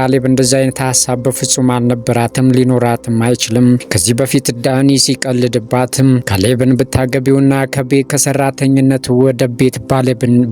ካሌብ እንደዚ አይነት ሀሳብ በፍጹም አልነበራትም፣ ሊኖራትም አይችልም። ከዚህ በፊት ዳኒ ሲቀልድባትም ካሌብን ብታገቢውና ከቤ ከሰራተኝነት ወደ ቤት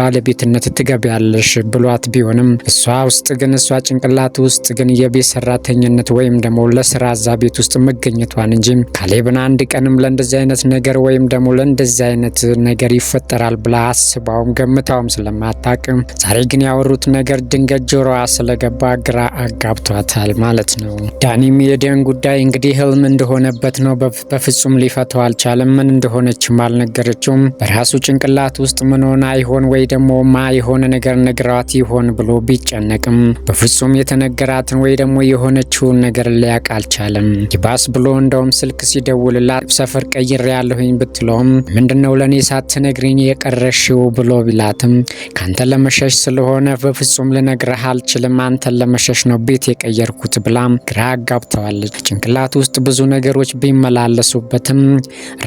ባለቤትነት ትገቢያለሽ ብሏት ቢሆንም እሷ ውስጥ ግን እሷ ጭንቅላት ውስጥ ግን የቤት ሰራተኝነት ወይም ደግሞ ለስራ እዛ ቤት ውስጥ መገኘቷን እንጂ ካሌብን አንድ ቀንም ለእንደዚህ አይነት ነገር ወይም ደግሞ ለእንደዚህ አይነት ነገር ይፈጠራል ብላ አስባውም ገምታውም ስለማታቅም ዛሬ ግን ያወሩት ነገር ድንገት ጆሮዋ ስለገባ ግራ አጋብቷታል ማለት ነው። ዳኒም የደን ጉዳይ እንግዲህ ህልም እንደሆነበት ነው። በፍጹም ሊፈተው አልቻለም። ምን እንደሆነችም አልነገረችውም። በራሱ ጭንቅላት ውስጥ ምን ሆና ይሆን ወይ ደግሞ ማ የሆነ ነገር ነግራት ይሆን ብሎ ቢጨነቅም በፍጹም የተነገራትን ወይ ደግሞ የሆነችውን ነገር ሊያቅ አልቻለም። ይባስ ብሎ እንደውም ስልክ ሲደውልላት ሰፈር ቀይር ያለሁኝ ብትለውም ምንድነው ለእኔ ሳትነግሪኝ የቀረሽው ብሎ ቢላትም ካንተ ለመሸሽ ስለሆነ በፍጹም ልነግረህ አልችልም አንተን ለመሸሽ ነው ቤት የቀየርኩት ብላም ግራ ጋብተዋለች። ጭንቅላት ውስጥ ብዙ ነገሮች ቢመላለሱበትም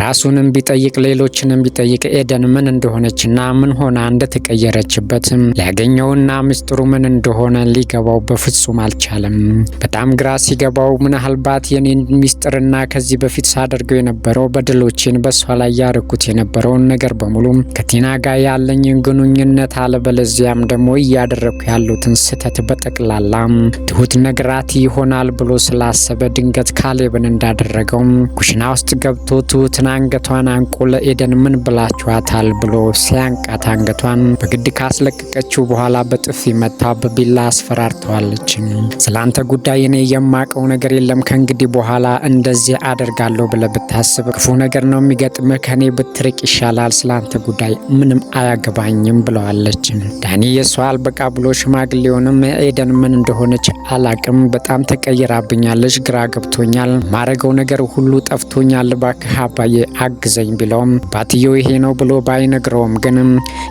ራሱንም ቢጠይቅ ሌሎችንም ቢጠይቅ ኤደን ምን እንደሆነችና ምን ሆና እንደተቀየረችበትም ሊያገኘውና ምስጢሩ ምን እንደሆነ ሊገባው በፍጹም አልቻለም። በጣም ግራ ሲገባው ምናልባት የኔን ሚስጥርና ከዚህ በፊት ሳደርገው የነበረው በደሎችን በሷ ላይ ያረኩት የነበረውን ነገር በሙሉ ከቲና ጋር ያለኝን ግንኙነት አለበለዚያም ደግሞ እያደረግኩ ያሉትን ስህተት በጠቅላላ ትሁት ግራት ይሆናል ብሎ ስላሰበ ድንገት ካሌብን እንዳደረገው ኩሽና ውስጥ ገብቶ ትሁትን አንገቷን አንቆ ለኤደን ምን ብላችኋታል ብሎ ሲያንቃት አንገቷን በግድ ካስለቀቀችው በኋላ በጥፊ መታ በቢላ አስፈራርተዋለች። ስላንተ ጉዳይ እኔ የማቀው ነገር የለም። ከእንግዲህ በኋላ እንደዚህ አደርጋለሁ ብለ ብታስብ ክፉ ነገር ነው የሚገጥምህ። ከእኔ ብትርቅ ይሻላል። ስለአንተ ጉዳይ ምንም አያገባኝም ብለዋለች። ዳኒ የሷ አልበቃ ብሎ ሽማግሌውንም ኤደን ምን እንደሆነ እንደሆነች አላቅም። በጣም ተቀይራብኛለች፣ ግራ ገብቶኛል፣ ማረገው ነገር ሁሉ ጠፍቶኛል፣ ባክህ አባዬ አግዘኝ ቢለውም ባትየው ይሄ ነው ብሎ ባይነግረውም ግን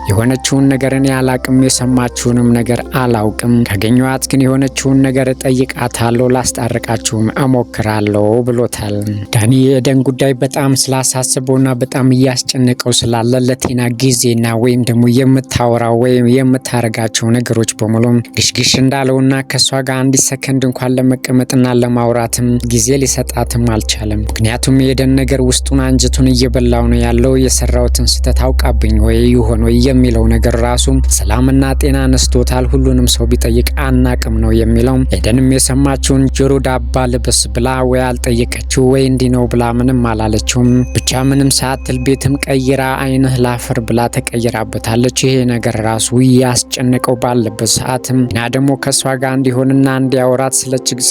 የሆነችውን ነገርን ያላቅም፣ የሰማችውንም ነገር አላውቅም፣ ካገኘዋት ግን የሆነችውን ነገር እጠይቃታለሁ፣ ላስታርቃችሁም እሞክራለሁ ብሎታል። ዳኒ የኤደን ጉዳይ በጣም ስላሳስበውና በጣም እያስጨነቀው ስላለ ለቴና ጊዜና ወይም ደግሞ የምታወራው ወይም የምታረጋቸው ነገሮች በሙሉ ግሽግሽ እንዳለውና ከሷ ጋር አንዲት ሰከንድ እንኳን ለመቀመጥና ለማውራትም ጊዜ ሊሰጣትም አልቻለም። ምክንያቱም የኤደን ነገር ውስጡን አንጀቱን እየበላው ነው ያለው። የሰራውትን ስህተት አውቃብኝ ወይ ይሆን ወይ የሚለው ነገር ራሱም ሰላምና ጤና ነስቶታል። ሁሉንም ሰው ቢጠይቅ አናቅም ነው የሚለው። ኤደንም የሰማችውን ጆሮ ዳባ ልበስ ብላ ወይ አልጠየቀችው ወይ እንዲህ ነው ብላ ምንም አላለችውም። ብቻ ምንም ሳትል ቤትም ቀይራ አይንህ ላፈር ብላ ተቀይራበታለች። ይሄ ነገር ራሱ ያስጨነቀው ባለበት ሰዓትም ና ደግሞ ከእሷ ጋር እንዲሆን እንዲያወሩንና እንዲያወራት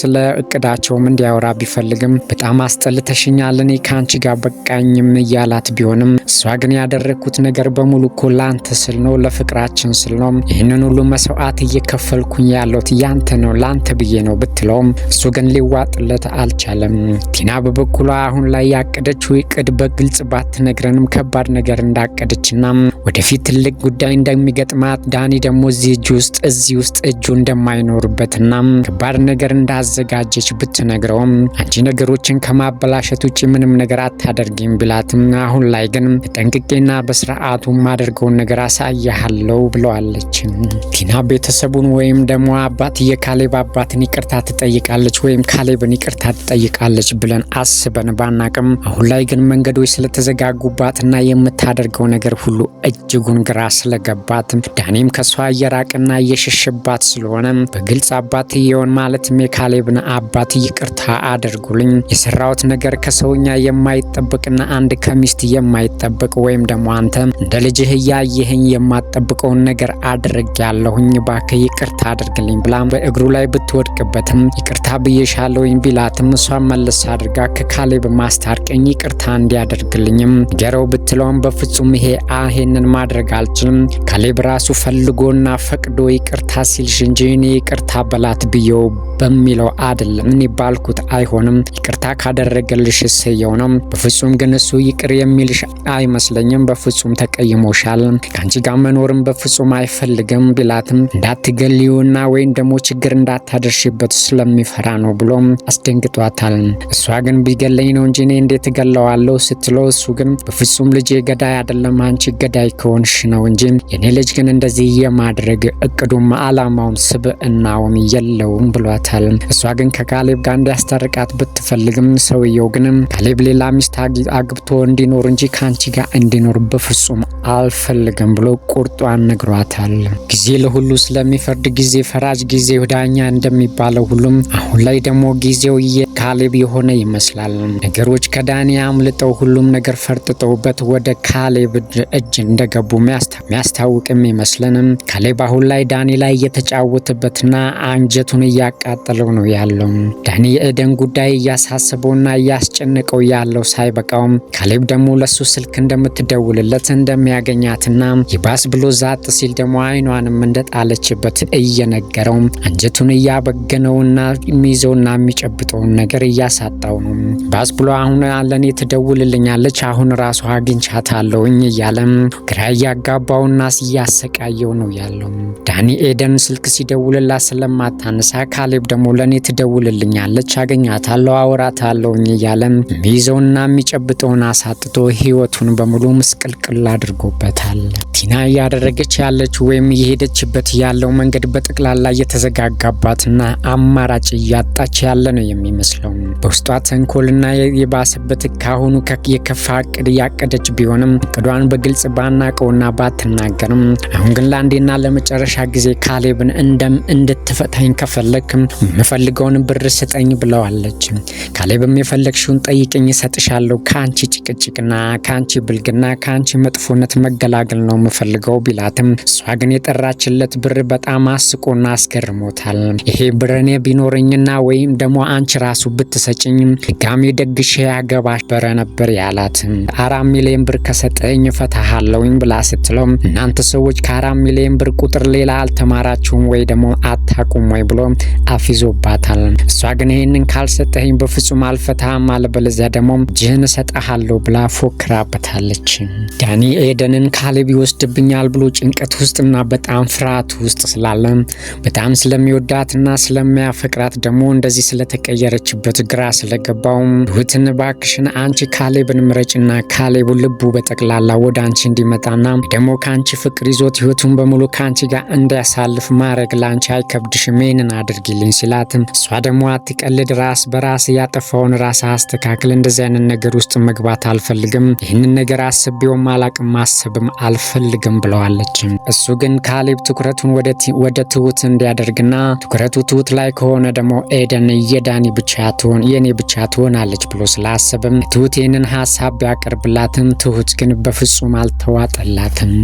ስለ እቅዳቸውም እንዲያወራ ቢፈልግም በጣም አስጠልተሽኛል፣ እኔ ከአንቺ ጋር በቃኝም እያላት ቢሆንም እሷ ግን ያደረግኩት ነገር በሙሉ እኮ ላንተ ስል ነው፣ ለፍቅራችን ስል ነው፣ ይህንን ሁሉ መስዋዕት እየከፈልኩኝ ያለሁት ያንተ ነው፣ ላንተ ብዬ ነው ብትለውም እሱ ግን ሊዋጥለት አልቻለም። ቲና በበኩሏ አሁን ላይ ያቀደችው እቅድ በግልጽ ባትነግረንም ከባድ ነገር እንዳቀደችና ወደፊት ትልቅ ጉዳይ እንደሚገጥማት ዳኒ ደግሞ እዚህ እጅ ውስጥ እዚህ ውስጥ እጁ እንደማይኖርበት እናም ከባድ ነገር እንዳዘጋጀች ብትነግረውም አንቺ ነገሮችን ከማበላሸት ውጭ ምንም ነገር አታደርጊም ቢላትም አሁን ላይ ግን ጠንቅቄና በስርዓቱ ማደርገውን ነገር አሳያሃለው ብለዋለች። ቲና ቤተሰቡን ወይም ደግሞ አባት የካሌብ አባትን ይቅርታ ትጠይቃለች ወይም ካሌብን ይቅርታ ትጠይቃለች ብለን አስበን ባናቅም አሁን ላይ ግን መንገዶች ስለተዘጋጉባትና የምታደርገው ነገር ሁሉ እጅጉን ግራ ስለገባት ዳኔም ከሷ እየራቅና እየሸሸባት ስለሆነ በግልጽ አባትየውን ማለትም የካሌብን አባት ይቅርታ አድርጉልኝ፣ የሰራሁት ነገር ከሰውኛ የማይጠብቅና አንድ ከሚስት የማይጠብቅ ወይም ደግሞ አንተ እንደ ልጅህ እያየህኝ የማጠብቀውን ነገር አድርግ ያለሁኝ፣ እባክህ ይቅርታ አድርግልኝ ብላም በእግሩ ላይ ብትወድቅበትም ይቅርታ ብዬሻለሁኝ ቢላትም እሷ መለስ አድርጋ ከካሌብ ማስታርቀኝ ይቅርታ እንዲያደርግልኝም ገረው ብትለውም በፍጹም ይሄ አሄንን ማድረግ አልችልም ካሌብ ራሱ ፈልጎና ፈቅዶ ይቅርታ ሲልሽ እንጂ እኔ ይቅርታ ልቀበላት ብየው በሚለው አይደለም። እኔ ባልኩት አይሆንም፣ ይቅርታ ካደረገልሽ እሰየው ነው። በፍጹም ግን እሱ ይቅር የሚልሽ አይመስለኝም። በፍጹም ተቀይሞሻል፣ ከአንቺ ጋር መኖርም በፍጹም አይፈልግም ቢላትም እንዳትገሊውና ወይም ደግሞ ችግር እንዳታደርሽበት ስለሚፈራ ነው ብሎ አስደንግጧታል። እሷ ግን ቢገለኝ ነው እንጂ እኔ እንዴት እገለዋለሁ ስትለው እሱ ግን በፍጹም ልጄ ገዳይ አይደለም፣ አንቺ ገዳይ ከሆንሽ ነው እንጂ የኔ ልጅ ግን እንደዚህ የማድረግ እቅዱም አላማውም ስብዕናውም የለውም ብሏታል። እሷ ግን ከካሌብ ጋር እንዲያስታርቃት ብትፈልግም ሰውየው ግን ካሌብ ሌላ ሚስት አግብቶ እንዲኖር እንጂ ከአንቺ ጋር እንዲኖር በፍጹም አልፈልግም ብሎ ቁርጧን ነግሯታል። ጊዜ ለሁሉ ስለሚፈርድ ጊዜ ፈራጅ፣ ጊዜ ዳኛ እንደሚባለው ሁሉም አሁን ላይ ደግሞ ጊዜው ካሌብ የሆነ ይመስላል። ነገሮች ከዳኒ አምልጠው ሁሉም ነገር ፈርጥጠውበት ወደ ካሌብ እጅ እንደገቡ የሚያስታውቅም ይመስለንም ካሌብ አሁን ላይ ዳኒ ላይ እየተጫወተበትና አንጀቱን እያቃጠለው ነው ያለው። ዳኒ የኤደን ጉዳይ እያሳሰበውና እያስጨንቀው ያለው ሳይበቃውም ካሌብ ደግሞ ለሱ ስልክ እንደምትደውልለት እንደሚያገኛትና ይባስ ብሎ ዛጥ ሲል ደግሞ አይኗንም እንደጣለችበት እየነገረው አንጀቱን እያበገነውና የሚይዘውና የሚጨብጠውን ነገር እያሳጣው ነው። ባስ ብሎ አሁን ለኔ ትደውልልኛለች አሁን ራሷ አግኝቻታለሁኝ እያለም ግራ እያጋባውና እያሰቃየው ነው ያለው ዳኒ ኤደን ስልክ ሲደውልላት ስለማ ስለማታነሳ ካሌብ ደግሞ ለእኔ ትደውልልኛለች፣ አገኛታለሁ፣ አወራታለሁኝ እያለም የሚይዘውና የሚጨብጠውን አሳጥቶ ህይወቱን በሙሉ ምስቅልቅል አድርጎበታል። ቲና እያደረገች ያለች ወይም እየሄደችበት ያለው መንገድ በጠቅላላ እየተዘጋጋባትና አማራጭ እያጣች ያለ ነው የሚመስለው። በውስጧ ተንኮልና የባሰበት ካሁኑ የከፋ እቅድ እያቀደች ቢሆንም እቅዷን በግልጽ ባናቀውና ባትናገርም አሁን ግን ለአንዴና ለመጨረሻ ጊዜ ካሌብን እንደም እንድትፈጥ እንድታይኝ ከፈለግ የምፈልገውን ብር ስጠኝ ብለዋለች። ካሌብም የፈለግሽውን ጠይቅኝ እሰጥሻለሁ፣ ከአንቺ ጭቅጭቅና ከአንቺ ብልግና ከአንቺ መጥፎነት መገላገል ነው የምፈልገው ቢላትም እሷ ግን የጠራችለት ብር በጣም አስቆና አስገርሞታል። ይሄ ብር እኔ ቢኖረኝና ወይም ደግሞ አንቺ ራሱ ብትሰጭኝ ድጋሚ ደግሼ ያገባሽ በረ ነበር ያላት። አራት ሚሊዮን ብር ከሰጠኝ እፈታሃለሁኝ ብላ ስትለው እናንተ ሰዎች ከአራት ሚሊዮን ብር ቁጥር ሌላ አልተማራችሁም ወይ ደግሞ አታቁም አልሰጠህም ወይ ብሎ አፊዞባታል። እሷ ግን ይህንን ካልሰጠኝ በፍጹም አልፈታህም፣ አለበለዚያ ደግሞ እጅህን እሰጠሃለሁ ብላ ፎክራበታለች። ዳኒ ኤደንን ካሌብ ይወስድብኛል ብሎ ጭንቀት ውስጥና በጣም ፍርሃት ውስጥ ስላለ በጣም ስለሚወዳትና ስለሚያፈቅራት ደግሞ እንደዚህ ስለተቀየረችበት ግራ ስለገባው ትሁትን ባክሽን አንቺ ካሌብን ምረጭና ካሌቡ ልቡ በጠቅላላ ወደ አንቺ እንዲመጣና ደግሞ ከአንቺ ፍቅር ይዞት ህይወቱን በሙሉ ከአንቺ ጋር እንዲያሳልፍ ማድረግ ለአንቺ አይከብድሽም እርሜንን አድርጊልኝ ሲላትም እሷ ደግሞ አትቀልድ፣ ራስ በራስ ያጠፋውን ራስ አስተካክል፣ እንደዚህ አይነት ነገር ውስጥ መግባት አልፈልግም፣ ይህንን ነገር አስቤውም አላቅም፣ ማሰብም አልፈልግም ብለዋለች። እሱ ግን ካሌብ ትኩረቱን ወደ ትሁት እንዲያደርግና ትኩረቱ ትሁት ላይ ከሆነ ደግሞ ኤደን የዳኒ ብቻ ትሆን የእኔ ብቻ ትሆናለች ብሎ ስላሰብም ትሁት ይህንን ሀሳብ ቢያቀርብላትም ትሁት ግን በፍጹም አልተዋጠላትም።